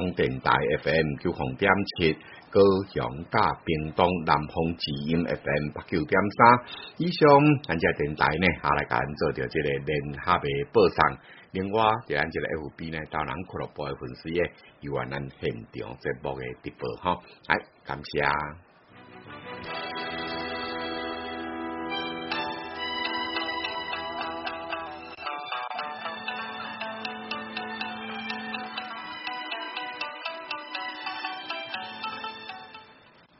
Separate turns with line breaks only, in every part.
東電台 FM 九點七，高雄甲屏東南風志音 FM 八九點三，以上咱即電台呢，下來咁做着即個聯合的報送。另外就按住個 FB 呢，到咱俱樂部的粉絲嘅，有可咱現場節目嘅直播哈，來感謝。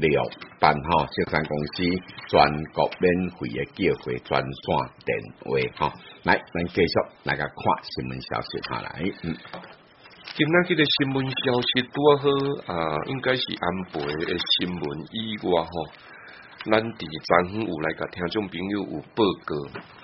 六班哈，招商、哦、公司全國免費嘅叫貨專線電話哈、哦，
來，咱繼續來個看新聞消息下來。嗯，今仔日嘅新聞消息拄好啊，應該是安倍嘅新聞意外哈、哦，咱佇昨昏有來個聽眾朋友有報告。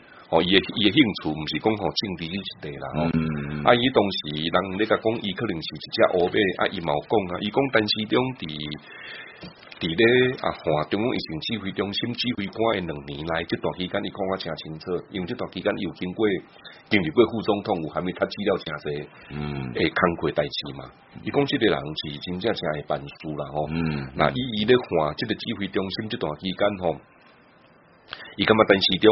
哦，伊嘅伊嘅興趣毋是講好政治即塊啦。吼。啊，伊當、嗯嗯啊、時，人咧甲講，伊可能是一隻烏馬啊，伊嘛有講啊。伊講，陳市長佇佇咧啊，華中央疫情指揮中心指揮官嘅兩年來，即段時間伊看甲誠清楚，因為即段時間伊有經過經歷過副總統，有還沒脫去了誠儕，誒、嗯，坎坷代志嘛。伊講，即個人是真正誠會辦事啦吼。嗯，那伊伊咧看即個指揮中心時，即段期間吼，伊感覺陳市長。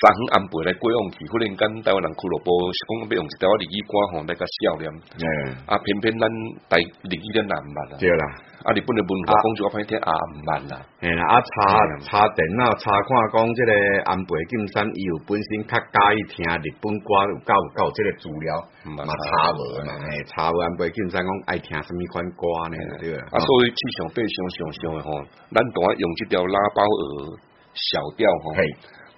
昨昏安倍咧，過往期福能跟台灣人俱樂部是講要用，一條日語歌行大家笑咧。誒，啊偏偏咱日語紀啲難物啊，對啦，啊日本文化講句我偏聽也唔慢啦。誒啦，啊查
查電啊，查看講即個安倍晉三伊有本身較喜歡聽日本歌有夠有出
個資料，冇查冇啊，查無安倍晉三講愛聽什麼款歌咧，對。啊，所以上上上上上嘅，吼，咱當然用呢條拉包耳小調，吼。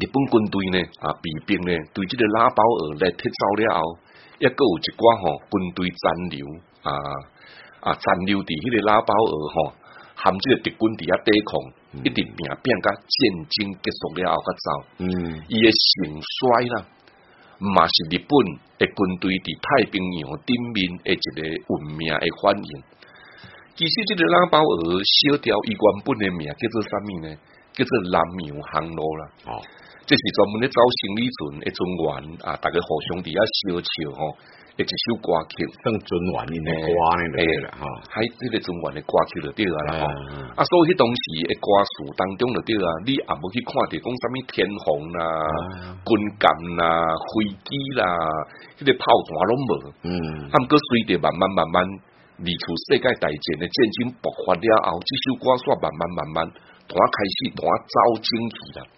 日本軍隊呢啊，士兵呢對這個拉包爾嚟撤走了後，抑擱有一寡嗬、哦、軍隊殘留啊啊殘留啲喺個拉包爾嗬，含住個敵軍在地下抵抗，嗯、一直變拼甲戰爭結束了後，才走，嗯，伊嘅興衰啦，唔係是日本嘅軍隊喺太平洋對面一個聞名嘅反應。其實呢個拉包爾燒掉伊原本嘅名叫做什麼呢？叫做南洋航路啦，哦。這是專門咧走生理船的船員啊！大家互相弟啊，笑笑吼，會一首歌曲登船員。呢呢，掛呢了哈，喺呢個船員嘅歌曲度啲啦。哎、呀啊，啊，所以當時的歌詞當中度啲啊，你也冇去看啲講什麼天虹啊、軍艦啊、飛機啊，嗰啲炮彈攏冇。嗯，啊，毋過隨着慢慢慢慢，二次世界大戰的戰爭爆發了後，這首歌煞慢慢慢慢，我開始我走正氣啦。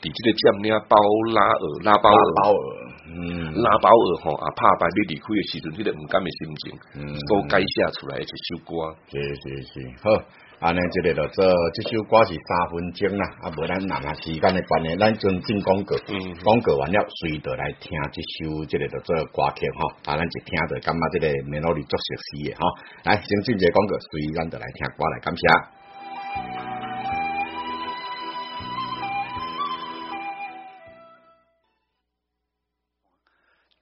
地這個叫咩？包拉爾，拉包爾，拉包爾，嗯，拉包爾吼、嗯、啊！拍敗你離開的時陣，那個唔甘嘅心情，
都、嗯、改
寫出來的一首歌。是是是，是，
好，啊，呢，這個就做。這首歌是三分鐘啊，啊，無咱拿拿時間的關係，咱先進廣告，嗯，廣告完了，隨着來聽這首，這個就做歌曲吼。啊，咱就聽着，感覺這個 Melody 作色死嘅吼。來，先進個廣告，隨咱就來聽歌來感謝。嗯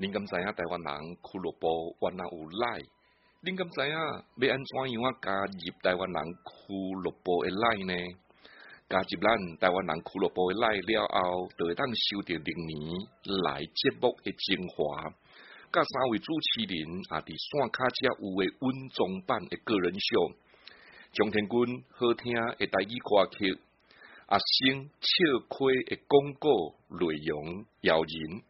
您敢知影台灣人俱樂部原來有拉。您敢知啊？要按怎樣加入台灣人俱樂部的拉呢？加入咱台灣人俱樂部的拉了後，就會當收到歷年來節目嘅精華。甲三位主持人啊，佇山卡只有嘅溫中版嘅個人秀，張天軍好聽嘅台語歌曲，阿星笑開嘅廣告內容誘人。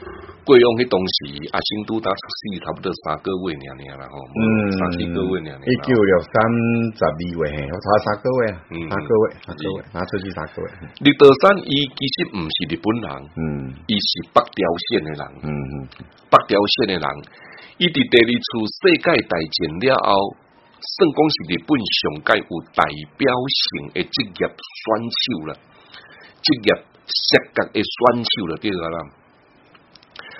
過往嘅東西，阿新都拄出世差不多三個月爾爾了吼，嗯，三個月爾爾。
一九六三年，十二月，我查查個月啊，哪個月，哪個月，哪出去查個月。
李德山，其實唔是日本人，嗯，伊是北條線嘅人，嗯嗯，北條線嘅人，伊佇第二次世界大戰了後，成功是日本上界有代表性嘅職業選手了，職業世界嘅選手了，第二個啦。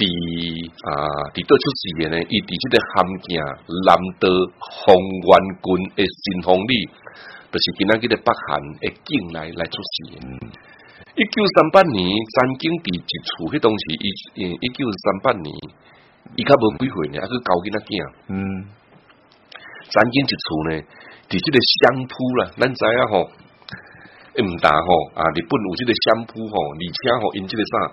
佇啊，佇倒出世嘅呢，伊佇即個韓鏡南道洪原郡嘅新豐里，著、就是今仔日北韓嘅境內來出世的。嗯、一九三八年，張景佇一處，迄當時一，一,一九三八年，伊較無幾歲呢，阿去搞囡仔囝。嗯，張景、啊啊嗯、一處呢，佇即個相撲啦，咱知影吼，毋但吼啊，日本有即個相撲吼，而且吼因即個啥。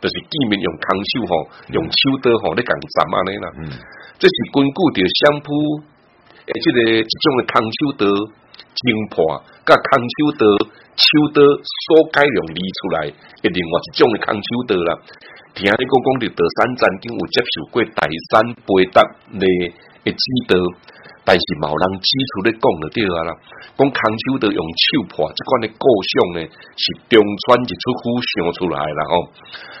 就是見面用空手嗬、哦，用手刀嗬，你咁斬啊你啦。即是根據條商鋪，而且呢，一種嘅空手道精破，加空手道、手刀所改良嚟出來嘅另外一種嘅空手道啦。聽你講講到到第三戰已經有接受過大山背搭嚟嘅指導，但是冇人指出嚟講就啲啦。講空手道用手破，即款嘅構想呢，是中川一出乎想出來的啦哦。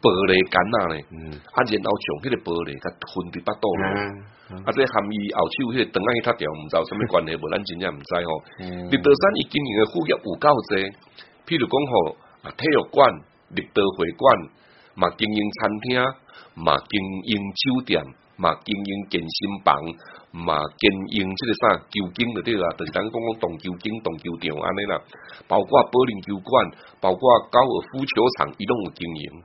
玻璃干呐嘞？嗯、啊，錢老窮，迄個玻璃佮混得不多嘞。啊，即、嗯啊、含伊後手佮啲檔案佮掉，毋知有甚物關係無？咱真正毋知哦。立德山伊經營誒副業有夠濟，譬如講吼，啊，體育館、立德會館，嘛經營餐廳，嘛經營酒店，嘛經營健身房，嘛經營即個啥，球館嗰啲啦，等於咱講剛講球動球場安尼啦，包括保齡球館，包括高爾夫球場，伊攏有經營。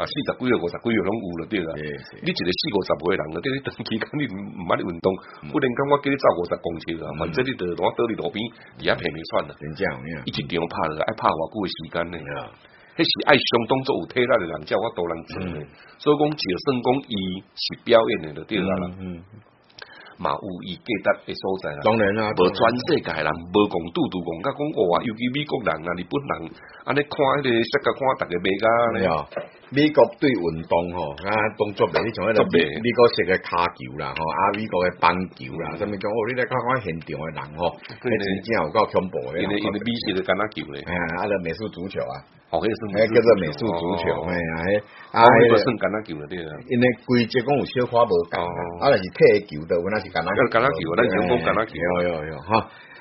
啊四十幾歲五十幾歲攏有啦啲啦，你一個四五十個人嘅，啲時間你毋毋乜運動，動，不然講我叫你走五十公尺啊，或者你喺我倒喺路邊，而家平平算啦。真正啊？一直點樣拍啦？愛拍偌久時間咧，迄、嗯、是愛相當做有體力誒人，叫我度人做嘅。嗯、所以講就算講伊是表演嚟嘅，對啦、嗯。嗯，嘛有意價值誒所在啦。當然啦、啊，無全世界人無共拄拄共甲講哇啊，尤其美國人啊，日本人安、啊、尼看、那個識得看大家咩㗎咧？嗯美國
對運動吼，
啊，動作你從一路，美國式嘅骹球啦，吼，阿美國嘅
棒球啦，啥物種，你呢咧看看現場嘅人吼，一支正有夠恐怖，因為因為美式嘅橄欖球咧，哎啊，阿勒美式足球啊，個叫做美式足球，哎啊，阿個算橄欖球嗰啲啦，因為規則講有小花無夠，阿勒是踢球的，我那是橄欖球，橄欖球，我那是橄欖球，有有有，哈。